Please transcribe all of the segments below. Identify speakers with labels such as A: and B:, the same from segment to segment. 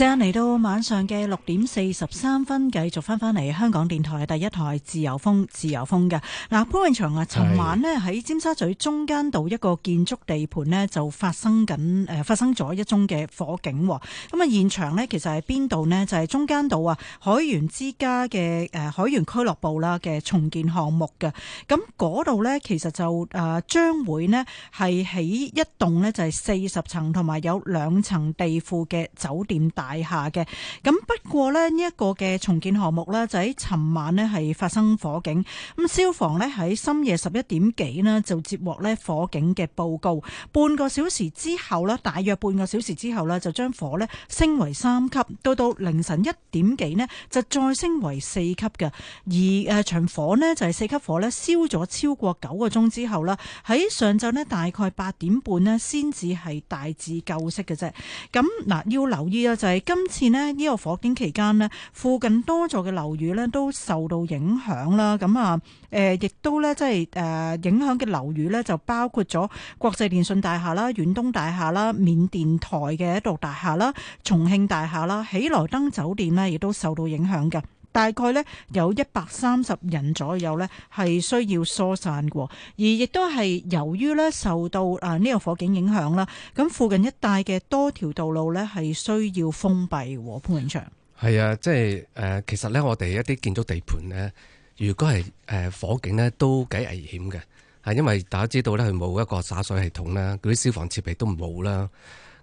A: 正嚟到晚上嘅六點四十三分，繼續翻翻嚟香港電台第一台自由風，自由風嘅。嗱潘永祥啊，尋晚咧喺尖沙咀中間道一個建築地盤咧就發生緊誒、呃、發生咗一宗嘅火警。咁、嗯、啊現場咧其實係邊度咧？就係、是、中間道啊，海員之家嘅誒、呃、海員俱樂部啦嘅重建項目嘅。咁嗰度咧其實就誒將、呃、會咧係起一棟咧就係四十層同埋有兩層地庫嘅酒店大。底下嘅。咁不過咧呢一個嘅重建項目呢，就喺尋晚呢，係發生火警，咁消防呢，喺深夜十一點幾呢，就接獲呢火警嘅報告，半個小時之後呢，大約半個小時之後呢，就將火呢升為三級，到到凌晨一點幾呢，就再升為四級嘅，而誒場火呢，就係四級火呢，燒咗超過九個鐘之後呢，喺上晝呢，大概八點半呢，先至係大致救熄嘅啫，咁嗱要留意咧就係、是。今次咧呢個火警期間咧，附近多座嘅樓宇咧都受到影響啦。咁啊，誒亦都咧即係誒影響嘅樓宇咧，就包括咗國際電訊大廈啦、遠東大廈啦、緬甸台嘅一度大廈啦、重慶大廈啦、喜來登酒店呢，亦都受到影響嘅。大概咧有一百三十人左右咧，係需要疏散嘅，而亦都係由於咧受到啊呢個火警影響啦，咁附近一帶嘅多條道路咧係需要封閉嘅。潘永祥
B: 係啊，即係誒，其實呢，我哋一啲建築地盤咧，如果係誒火警咧都幾危險嘅，係因為大家知道咧佢冇一個灑水系統啦，啲消防設備都冇啦。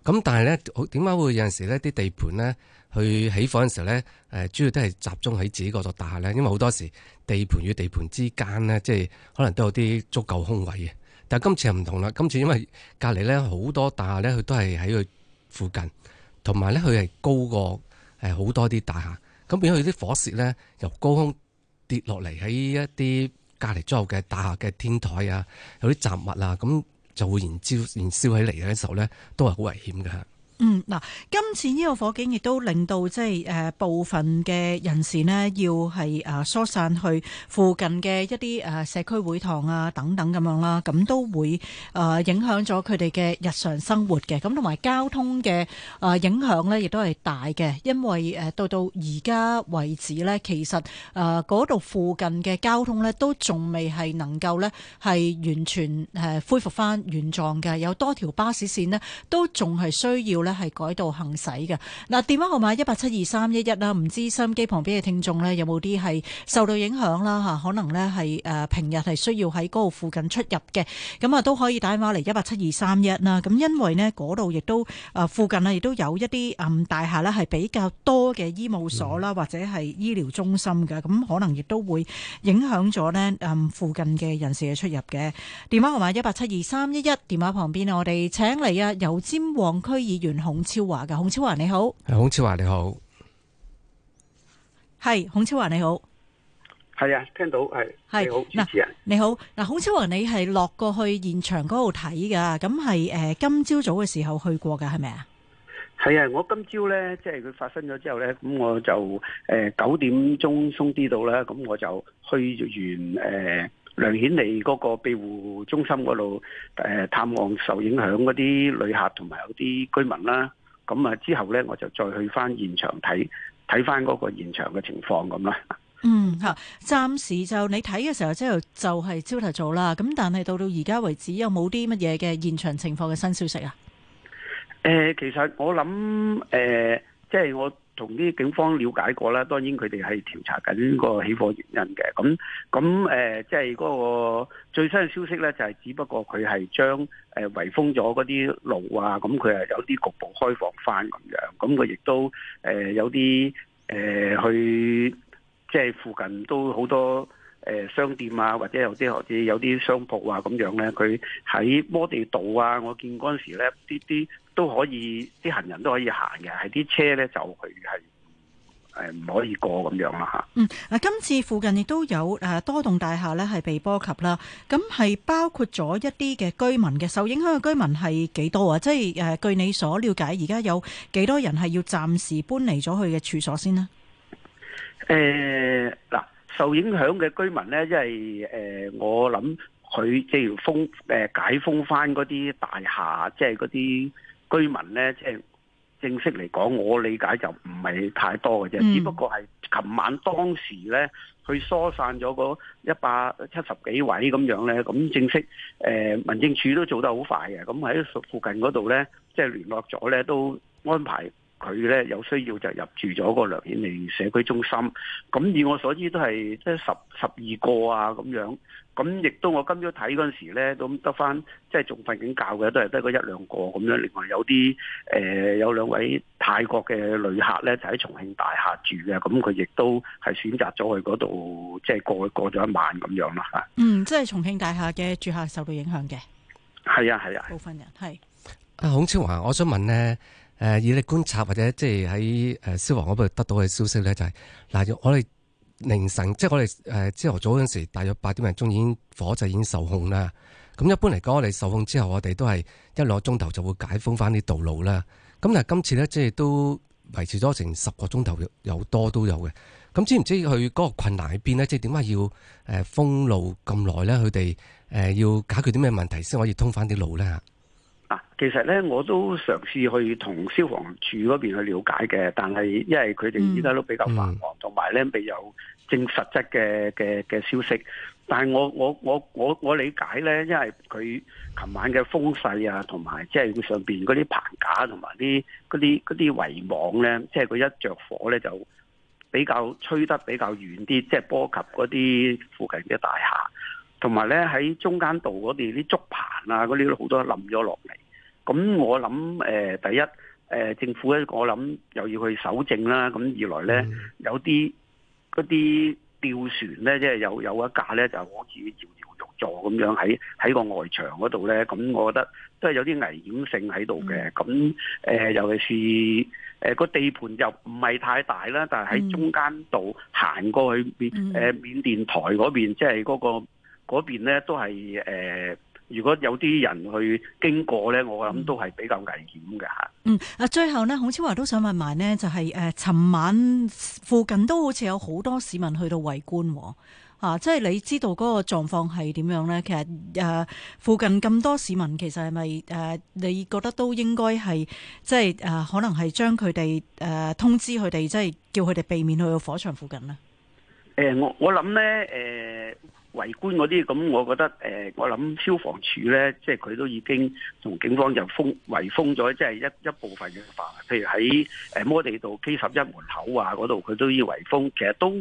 B: 咁但係呢，點解會有陣時呢啲地盤呢？去起火嘅時候咧，誒，主要都係集中喺自己嗰座大廈咧，因為好多時地盤與地盤之間咧，即係可能都有啲足夠空位嘅。但係今次係唔同啦，今次因為隔籬咧好多大廈咧，佢都係喺佢附近，同埋咧佢係高過誒好多啲大廈，咁變咗佢啲火舌咧由高空跌落嚟喺一啲隔籬左右嘅大廈嘅天台啊，有啲雜物啊，咁就會燃燒，燃燒起嚟嘅時候咧，都係好危險嘅。
A: 嗱，今次呢個火警亦都令到即係誒部分嘅人士咧，要係誒、呃、疏散去附近嘅一啲誒、啊、社區會堂啊等等咁樣啦，咁都會誒、呃、影響咗佢哋嘅日常生活嘅。咁同埋交通嘅誒影響咧，亦都係大嘅，因為誒、呃、到到而家為止咧，其實誒嗰度附近嘅交通咧，都仲未係能夠咧係完全誒恢復返原狀嘅，有多條巴士線咧都仲係需要咧係。改道行駛嘅嗱，電話號碼一八七二三一一啦，唔知收音機旁邊嘅聽眾咧，有冇啲係受到影響啦？吓，可能咧係誒平日係需要喺嗰度附近出入嘅，咁啊都可以打電話嚟一八七二三一啦。咁因為咧嗰度亦都誒附近咧亦都有一啲誒大廈咧係比較多嘅醫務所啦，或者係醫療中心嘅，咁可能亦都會影響咗咧誒附近嘅人士嘅出入嘅。電話號碼一八七二三一一，電話旁邊我哋請嚟啊油尖旺區議員孔。昭華嘅，孔昭華你好，
B: 係孔昭華你好，
A: 係孔昭華你好，
C: 係啊，聽到係係，你好主持人，
A: 你好，嗱孔昭華你係落過去現場嗰度睇噶，咁係誒今朝早嘅時候去過噶係咪啊？
C: 係啊，我今朝咧即係佢發生咗之後咧，咁我就誒、呃、九點鐘鬆啲到啦，咁我就去完誒、呃、梁顯利嗰個庇護中心嗰度誒探望受影響嗰啲旅客同埋有啲居民啦。咁啊，之後呢，我就再去翻現場睇睇翻嗰個現場嘅情況咁啦。嗯，
A: 嚇，暫時就你睇嘅時候就，即係就係朝頭早啦。咁但係到到而家為止，有冇啲乜嘢嘅現場情況嘅新消息啊？
C: 誒、呃，其實我諗誒、呃，即係我。同啲警方了解過啦，當然佢哋係調查緊個起火原因嘅。咁咁誒，即係嗰個最新嘅消息咧，就係、是、只不過佢係將誒圍封咗嗰啲路啊，咁佢係有啲局部開放翻咁樣。咁佢亦都誒、呃、有啲誒、呃、去即係、就是、附近都好多誒、呃、商店啊，或者有啲或者有啲商鋪啊咁樣咧，佢喺摩地道啊，我見嗰陣時咧啲啲。都可以，啲行人都可以行嘅，係啲車咧就佢係，誒唔可以過咁樣啦嚇。嗯，
A: 嗱，今次附近亦都有誒、啊、多棟大廈咧係被波及啦，咁係包括咗一啲嘅居民嘅，受影響嘅居民係幾多、就是、啊？即係誒，據你所了解，而家有幾多人係要暫時搬離咗佢嘅住所先咧？
C: 誒、呃，嗱、呃，受影響嘅居民咧，因為誒，我諗佢即係封誒解封翻嗰啲大廈，即係嗰啲。居民咧，即係正式嚟講，我理解就唔係太多嘅啫。只不過係琴晚當時咧，佢疏散咗嗰一百七十幾位咁樣咧。咁正式，誒、呃、民政處都做得好快嘅。咁、嗯、喺附近嗰度咧，即係聯絡咗咧，都安排。佢咧有需要就入住咗嗰個梁顯明社區中心，咁以我所知都係即係十十二個啊，咁樣，咁亦都我今早睇嗰陣時咧，都得翻即係仲瞓緊覺嘅，都係得個一兩個咁樣。另外有啲誒、呃、有兩位泰國嘅旅客咧，就喺重慶大廈住嘅，咁佢亦都係選擇咗去嗰度即係過過咗一晚咁樣咯吓。嗯，
A: 即係重慶大廈嘅住客受到影響嘅，係啊係啊，啊啊部分人係。
B: 啊，孔昭華，我想問咧。誒，以你觀察或者即係喺誒消防嗰度得到嘅消息咧，就係嗱，我哋凌晨即係、就是、我哋誒朝頭早嗰陣時，大約八點零鐘已經火勢已經受控啦。咁一般嚟講，我哋受控之後，我哋都係一兩個鐘頭就會解封翻啲道路啦。咁但係今次咧，即係都維持咗成十個鐘頭又多都有嘅。咁知唔知佢嗰個困難喺邊咧？即係點解要誒封路咁耐咧？佢哋誒要解決啲咩問題先可以通翻啲路咧？
C: 其實咧，我都嘗試去同消防處嗰邊去了解嘅，但係因為佢哋依家都比較繁忙，同埋咧未有呢正實質嘅嘅嘅消息。但係我我我我我理解咧，因為佢琴晚嘅風勢啊，同埋即係上邊嗰啲棚架同埋啲嗰啲啲圍網咧，即係佢一着火咧就比較吹得比較遠啲，即係波及嗰啲附近嘅大廈，同埋咧喺中間道嗰邊啲竹棚啊，嗰啲好多冧咗落嚟。咁我諗誒、呃、第一誒、呃、政府咧，我諗又要去搜證啦。咁二來咧，嗯、有啲嗰啲吊船咧，即係有有一架咧，就好似搖搖欲墜咁樣喺喺個外牆嗰度咧。咁我覺得都係有啲危險性喺度嘅。咁誒、嗯呃，尤其是誒個、呃、地盤又唔係太大啦，但係喺中間度行過去、呃、緬誒緬甸台嗰邊，即係嗰個嗰邊咧，都係誒。呃呃如果有啲人去經過咧，我諗都係比較危險嘅嚇。嗯
A: 啊，最後呢，孔昭華都想問埋呢，就係、是、誒，尋、呃、晚附近都好似有好多市民去到圍觀喎、啊，即係你知道嗰個狀況係點樣咧？其實誒、呃，附近咁多市民，其實係咪誒？你覺得都應該係即係誒、呃，可能係將佢哋誒通知佢哋，即係叫佢哋避免去到火場附近呢？誒、
C: 呃，我我諗呢。誒、呃。圍觀嗰啲，咁我覺得誒、呃，我諗消防處咧，即係佢都已經同警方就封圍封咗，即係一一部分嘅譬如喺誒麼地道 K 十一門口啊嗰度，佢都要圍封，其實都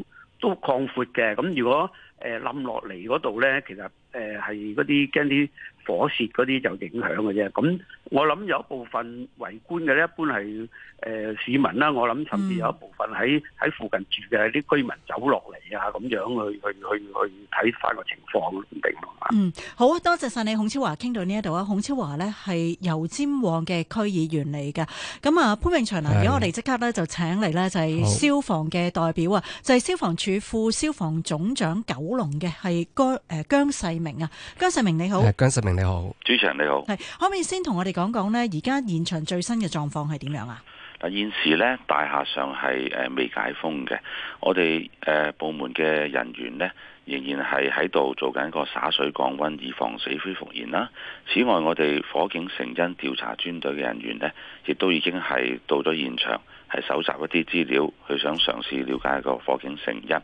C: 都擴闊嘅。咁如果誒冧落嚟嗰度咧，其實誒係嗰啲驚啲。呃火舌嗰啲就影響嘅啫，咁我諗有一部分圍觀嘅咧，一般係誒市民啦，我諗甚至有一部分喺喺附近住嘅啲居民走落嚟啊，咁樣去去去去睇翻個情況定啊。
A: 嗯，好，多謝晒你，孔昭華傾到呢一度啊，孔昭華咧係油尖旺嘅區議員嚟嘅，咁啊潘永祥啊，如果我哋即刻咧就請嚟咧就係消防嘅代表啊，就係消防處副消防總長九龍嘅係姜誒姜世明啊，姜世明你好。係
B: 姜世明。你好，主持人，
D: 你好，
A: 係可唔可以先同我哋講講呢？而家現場最新嘅狀況係點樣啊？現時
D: 呢，大廈尚係誒未解封嘅，我哋誒部門嘅人員呢仍然係喺度做緊個灑水降溫，以防死灰復燃啦。此外，我哋火警成因調查專隊嘅人員呢亦都已經係到咗現場，係搜集一啲資料，去想嘗試了解一個火警成因。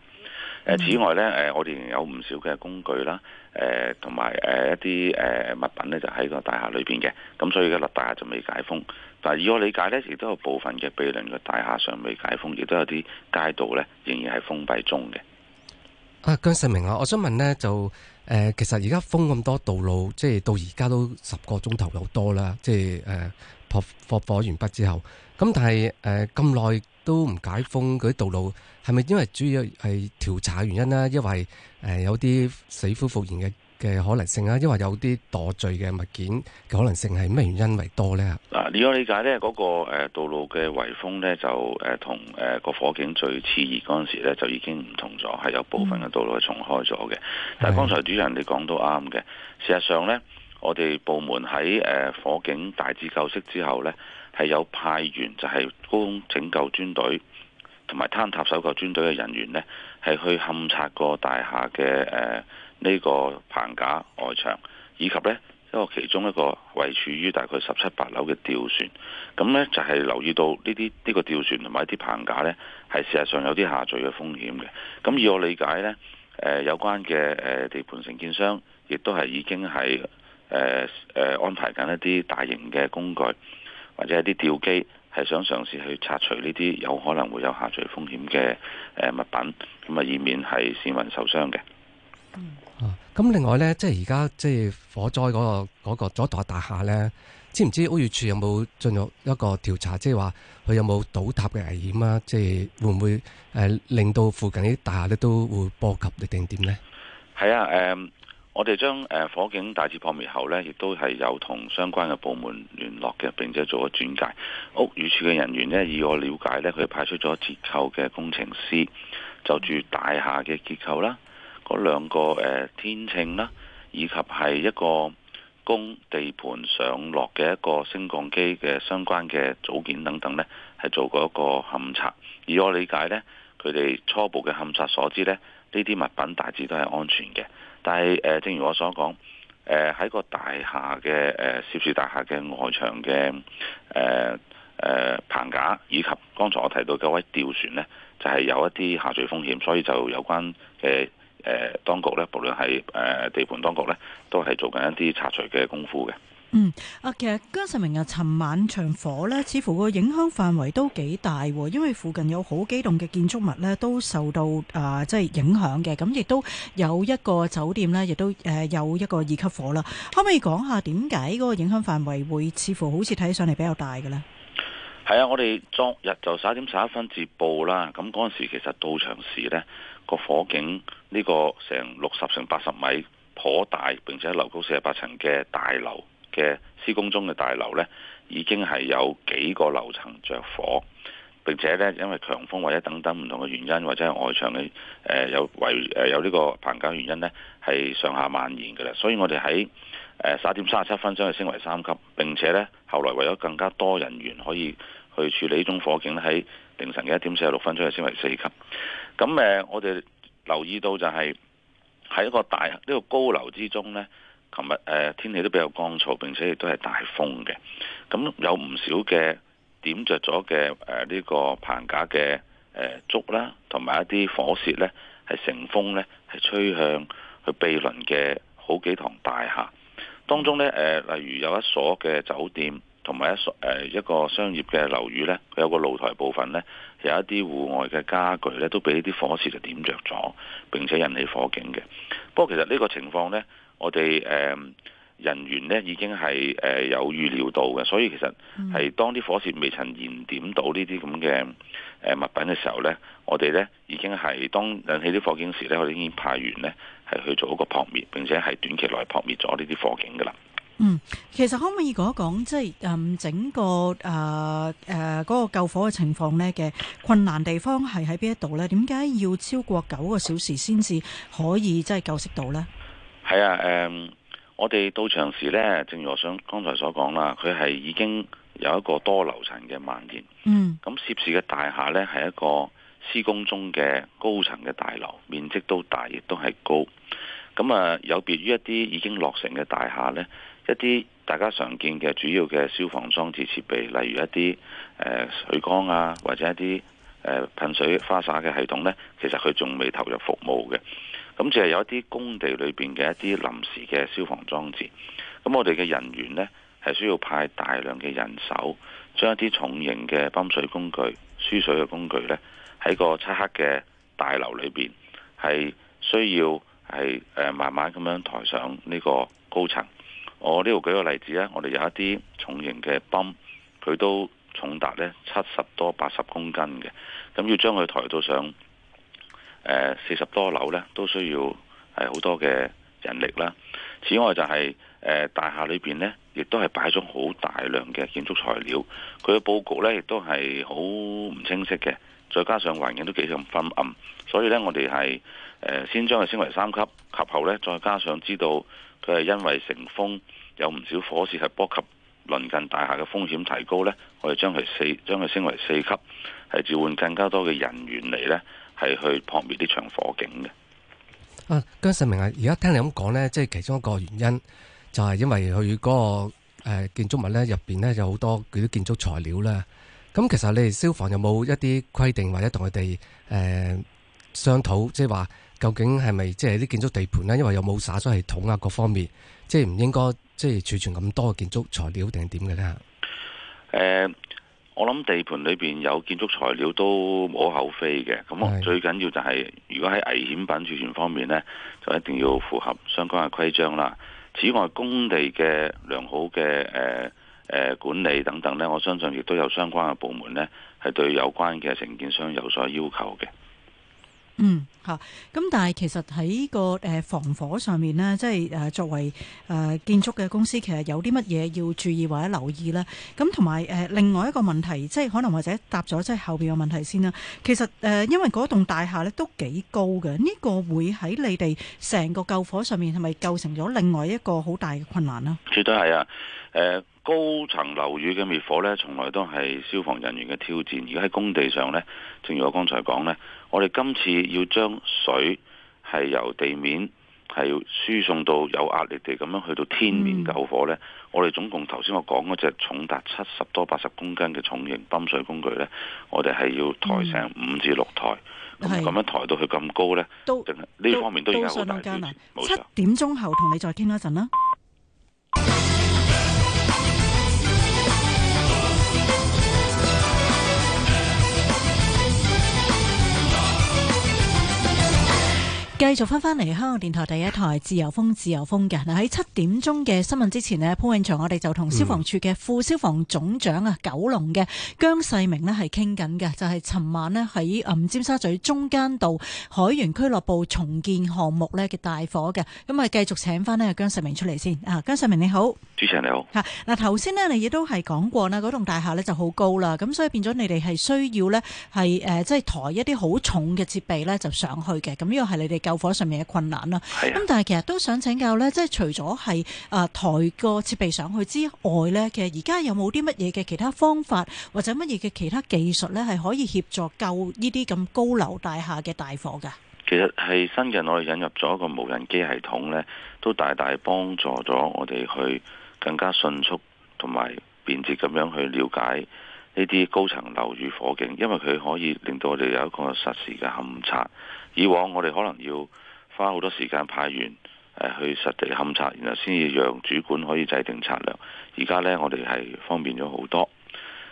D: 誒，此外咧，誒，我哋有唔少嘅工具啦，誒，同埋誒一啲誒物品咧，就喺個大廈裏邊嘅，咁所以嘅立大廈就未解封。但係以我理解咧，亦都有部分嘅毗鄰嘅大廈尚未解封，亦都有啲街道咧仍然係封閉中嘅。
B: 啊，姜世明啊，我想問咧，就誒，其實而家封咁多道路，即係到而家都十個鐘頭有多啦，即係誒撲火火完畢之後，咁但係誒咁耐。都唔解封嗰啲道路，係咪因為主要係調查原因啦？因為誒有啲死灰復燃嘅嘅可能性啦，因為有啲墮墜嘅物件嘅可能性係咩原因為多咧？
D: 嗱，你我理解咧嗰、那個誒道路嘅圍封咧，就誒同誒個火警最熾熱嗰陣時咧就已經唔同咗，係有部分嘅道路係重開咗嘅。但係剛才主持人你講到啱嘅，事實上咧我哋部門喺誒、呃、火警大致救熄之後咧。係有派員，就係高空拯救專隊同埋坍塌搜救專隊嘅人員呢，係去勘察個大廈嘅誒呢個棚架外牆，以及呢一個其中一個位處於大概十七八樓嘅吊船，咁呢，就係、是、留意到呢啲呢個吊船同埋一啲棚架呢，係事實上有啲下墜嘅風險嘅。咁以我理解呢，誒、呃、有關嘅誒、呃、地盤承建商亦都係已經係誒誒安排緊一啲大型嘅工具。或者一啲吊機係想嘗試去拆除呢啲有可能會有下墜風險嘅誒物品，咁啊以免係市民受傷嘅。
B: 咁、嗯啊、另外呢，即係而家即係火災嗰、那個嗰、那個佐敦大廈呢，知唔知屋宇署有冇進入一個調查，即係話佢有冇倒塌嘅危險啊？即係會唔會誒令到附近啲大廈咧都會波及
D: 定點呢？係啊，誒、嗯。我哋將誒火警大致撲滅後呢，亦都係有同相關嘅部門聯絡嘅，並且做咗轉介屋宇署嘅人員咧。以我了解呢，佢派出咗結構嘅工程師就住大廈嘅結構啦，嗰兩個、呃、天秤啦，以及係一個工地盤上落嘅一個升降機嘅相關嘅組件等等呢係做過一個勘察。以我理解呢佢哋初步嘅勘察所知咧，呢啲物品大致都係安全嘅。但係誒，正如我所講，誒喺個大廈嘅誒涉事大廈嘅外牆嘅誒誒棚架，以及剛才我提到嗰位吊船咧，就係、是、有一啲下墜風險，所以就有關嘅誒當局咧，無論係誒地盤當局咧，都係做緊一啲拆除嘅功夫嘅。
A: 嗯，啊，其實姜世明尋晚場火呢，似乎個影響範圍都幾大，哦，因為附近有好幾棟嘅建築物呢，都受到啊，即係影響嘅。咁、嗯、亦都有一個酒店呢，亦都誒有一個二級火啦。可唔可以講下點解嗰個影響範圍會似乎好似睇上嚟，比較大嘅呢？
D: 係啊，我哋昨日就十一點十一分接報啦。咁嗰陣時其實到場時呢，個火警呢個成六十成八十米頗大，並且樓高四十八層嘅大樓。嘅施工中嘅大樓呢，已經係有幾個樓層着火，並且呢，因為強風或者等等唔同嘅原因，或者係外牆嘅誒有圍誒、呃、有呢個棚架原因呢，係上下蔓延嘅啦。所以我哋喺誒十點三十七分將佢升為三級，並且呢，後來為咗更加多人員可以去處理呢種火警咧，喺凌晨嘅一點四十六分鐘，又升為四級。咁誒、呃，我哋留意到就係、是、喺一個大呢、這個高樓之中呢。琴日、呃、天氣都比較乾燥，並且亦都係大風嘅。咁、嗯、有唔少嘅點着咗嘅誒呢個棚架嘅、呃、竹啦，同埋一啲火舌呢，係乘風呢，係吹向去毗鄰嘅好幾幢大廈。當中呢，誒、呃，例如有一所嘅酒店，同埋一所誒、呃、一個商業嘅樓宇呢，佢有個露台部分呢，有一啲戶外嘅家具呢，都俾呢啲火舌就點着咗，並且引起火警嘅。不過其實呢個情況呢，我哋誒人員咧已經係誒有預料到嘅，所以其實係當啲火線未曾燃點到呢啲咁嘅誒物品嘅時候呢，我哋呢已經係當引起啲火警時呢，我哋已經派員呢係去做一個撲滅，並且係短期內撲滅咗呢啲火警㗎喇。嗯，
A: 其實可唔可以講一講，即係整個誒誒嗰個救火嘅情況呢嘅困難地方係喺邊一度呢？點解要超過九個小時先至可以即係救熄到呢？
D: 係啊，誒、嗯，我哋到場時咧，正如我想剛才所講啦，佢係已經有一個多樓層嘅蔓延。嗯，咁涉事嘅大廈咧係一個施工中嘅高層嘅大樓，面積都大，亦都係高。咁啊，有別於一啲已經落成嘅大廈咧，一啲大家常見嘅主要嘅消防裝置設備，例如一啲誒、呃、水缸啊，或者一啲誒噴水花灑嘅系統咧，其實佢仲未投入服務嘅。咁就係有一啲工地裏邊嘅一啲臨時嘅消防裝置，咁我哋嘅人員呢，係需要派大量嘅人手，將一啲重型嘅泵水工具、輸水嘅工具呢，喺個漆黑嘅大樓裏邊係需要係誒慢慢咁樣抬上呢個高層。我呢度舉個例子啊，我哋有一啲重型嘅泵，佢都重達呢七十多八十公斤嘅，咁要將佢抬到上四十多樓咧，都需要係好多嘅人力啦。此外就係、是呃、大廈裏邊呢，亦都係擺咗好大量嘅建築材料。佢嘅佈局呢，亦都係好唔清晰嘅。再加上環境都幾咁昏暗，所以呢，我哋係、呃、先將佢升為三級，及後呢，再加上知道佢係因為成風，有唔少火勢係波及鄰近大廈嘅風險提高呢，我哋將佢四、將佢升為四級，係召喚更加多嘅人員嚟呢。係去旁邊啲場火警
B: 嘅。啊，姜世明啊，而家聽你咁講咧，即係其中一個原因就係因為佢嗰個誒建築物咧入邊咧有好多佢啲建築材料啦。咁其實你哋消防有冇一啲規定或者同佢哋誒商討，即係話究竟係咪即係啲建築地盤咧？因為有冇灑水系統啊，各方面即係唔應該即係儲存咁多嘅建築材料定係點嘅咧？
D: 吓，誒。我諗地盤裏邊有建築材料都冇可厚非嘅，咁我最緊要就係如果喺危險品儲存方面呢，就一定要符合相關嘅規章啦。此外，工地嘅良好嘅誒、呃呃、管理等等呢，我相信亦都有相關嘅部門呢，係對有關嘅承建商有所要求嘅。
A: 嗯，嚇！咁但係其實喺個誒防火上面呢，即係誒作為誒建築嘅公司，其實有啲乜嘢要注意或者留意呢？咁同埋誒另外一個問題，即係可能或者答咗即係後邊嘅問題先啦。其實誒，因為嗰棟大廈咧都幾高嘅，呢個會喺你哋成個救火上面係咪構成咗另外一個好大嘅困難呢？
D: 絕對係啊！高層樓宇嘅滅火咧，從來都係消防人員嘅挑戰。而喺工地上咧，正如我剛才講咧，我哋今次要將水係由地面係輸送到有壓力地咁樣去到天面救火呢、嗯、我哋總共頭先我講嗰隻重達七十多八十公斤嘅重型泵水工具呢我哋係要抬成五至六台，咁、嗯、樣抬到去咁高呢，呢到方面都相當艱難。
A: 七點鐘後同你再傾多陣啦。繼續翻翻嚟香港電台第一台自由風自由風嘅。嗱，喺七點鐘嘅新聞之前咧，潘永祥我哋就同消防處嘅副消防總長啊，嗯、九龍嘅姜世明咧係傾緊嘅，就係、是、尋晚咧喺尖沙咀中間道海員俱樂部重建項目咧嘅大火嘅，咁啊繼續請翻咧姜世明出嚟先啊，姜世明你好。主持人你好。嗱，頭先呢你亦都係講過啦，嗰棟大廈呢就好高啦，咁所以變咗你哋係需要呢係誒即係抬一啲好重嘅設備呢就上去嘅，咁呢個係你哋救火上面嘅困難啦，咁、嗯、但係其實都想請教呢，即係除咗係誒抬個設備上去之外呢，其實而家有冇啲乜嘢嘅其他方法或者乜嘢嘅其他技術呢，係可以協助救呢啲咁高樓大廈嘅大火嘅？
D: 其實係新近我哋引入咗一個無人機系統呢，都大大幫助咗我哋去更加迅速同埋便捷咁樣去了解呢啲高層樓宇火警，因為佢可以令到我哋有一個實時嘅勘測。以往我哋可能要花好多時間派員去實地勘察，然後先至讓主管可以制定策略。而家呢，我哋係方便咗好多。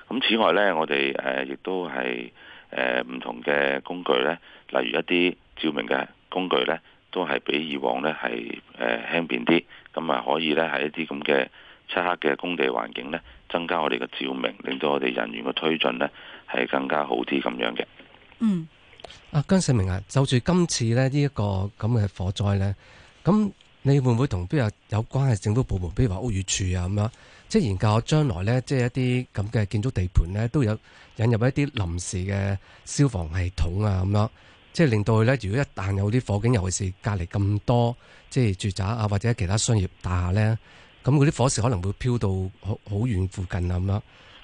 D: 咁此外呢，我哋誒亦都係誒唔同嘅工具呢，例如一啲照明嘅工具呢，都係比以往呢係誒輕便啲，咁啊可以呢，喺一啲咁嘅漆黑嘅工地環境呢，增加我哋嘅照明，令到我哋人員嘅推進呢，係更加好啲咁樣嘅。嗯。
B: 阿、啊、姜世明啊，就住今次咧呢一個咁嘅火災呢，咁、這個、你會唔會同邊個有關係政府部門，比如話屋宇署啊咁樣，即係研究將來呢，即係一啲咁嘅建築地盤呢，都有引入一啲臨時嘅消防系統啊，咁樣，即係令到佢呢，如果一旦有啲火警，尤其是隔籬咁多即係住宅啊或者其他商業大廈呢，咁嗰啲火勢可能會飄到好好遠附近啊咁樣。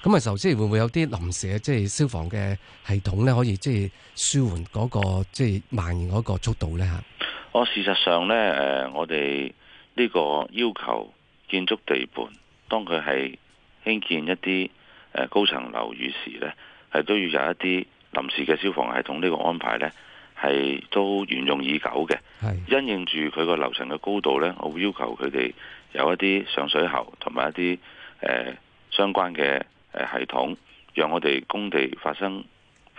B: 咁啊，首先即係會唔會有啲臨時嘅即係消防嘅系統咧，可以即係舒緩嗰個即係蔓延嗰個速度咧吓。
D: 我事實上咧，誒，我哋呢個要求建築地盤當佢係興建一啲誒高層樓宇時咧，係都要有一啲臨時嘅消防系統呢個安排咧，係都沿用已久嘅。係是因應住佢個樓層嘅高度咧，我會要求佢哋有一啲上水喉同埋一啲誒、呃、相關嘅。誒，系統讓我哋工地發生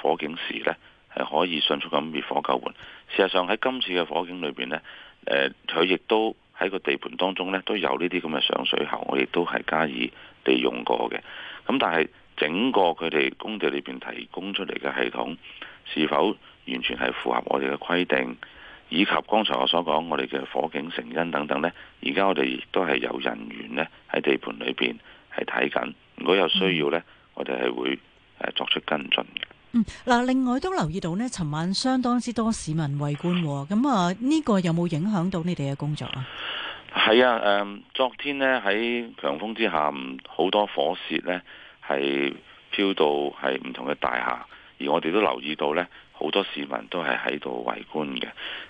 D: 火警時呢，係可以迅速咁滅火救援。事實上喺今次嘅火警裏邊呢，呃，佢亦都喺個地盤當中呢，都有呢啲咁嘅上水喉，我亦都係加以利用過嘅。咁但係整個佢哋工地裏邊提供出嚟嘅系統是否完全係符合我哋嘅規定，以及剛才我所講我哋嘅火警成因等等呢？而家我哋亦都係有人員呢，喺地盤裏邊係睇緊。如果有需要呢，我哋係會作出跟進嘅。
A: 嗯，嗱，另外都留、啊、留意到呢，尋晚相當之多市民圍觀，咁啊呢個有冇影響到你哋嘅工作啊？
D: 係啊，誒，昨天呢，喺強風之下，好多火舌呢係飄到係唔同嘅大廈，而我哋都留意到呢，好多市民都係喺度圍觀嘅。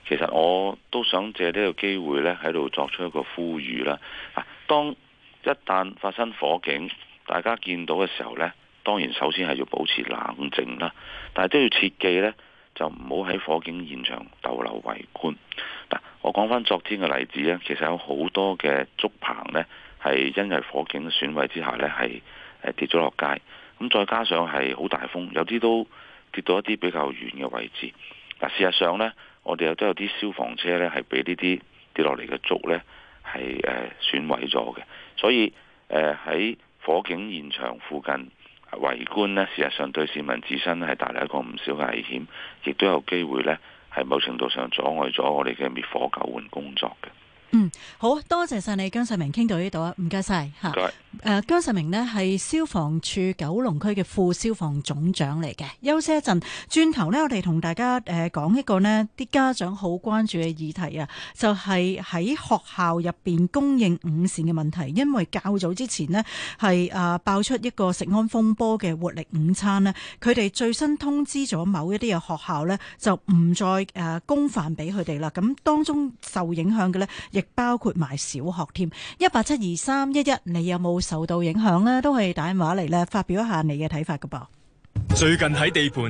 D: 其實我都想借呢個機會呢，喺度作出一個呼籲啦。啊，當一旦發生火警，大家見到嘅時候呢，當然首先係要保持冷靜啦。但係都要切記呢，就唔好喺火警現場逗留圍觀。我講翻昨天嘅例子呢，其實有好多嘅竹棚呢，係因為火警損毀之下呢，係跌咗落街。咁再加上係好大風，有啲都跌到一啲比較遠嘅位置。嗱，事實上呢，我哋有都有啲消防車呢，係俾呢啲跌落嚟嘅竹呢，係誒、呃、損毀咗嘅。所以喺、呃火警現場附近圍觀呢，事實上對市民自身係帶來一個唔少嘅危險，亦都有機會呢係某程度上阻礙咗我哋嘅滅火救援工
A: 作嘅。嗯，好多謝晒你，你，姜世明，傾到呢度啊，唔該晒。嚇。唔該。誒，姜世明咧，係消防處九龍區嘅副消防總長嚟嘅。休息一陣，轉頭咧，我哋同大家誒講一個呢啲家長好關注嘅議題啊，就係、是、喺學校入邊供應午膳嘅問題。因為較早之前呢係誒爆出一個食安風波嘅活力午餐咧，佢哋最新通知咗某一啲嘅學校呢就唔再誒供飯俾佢哋啦。咁當中受影響嘅呢，亦包括埋小學添。一八七二三一一，你有冇？受到影響咧，都係打電話嚟咧，發表一下你嘅睇法噶噃。
D: 最近喺地盤。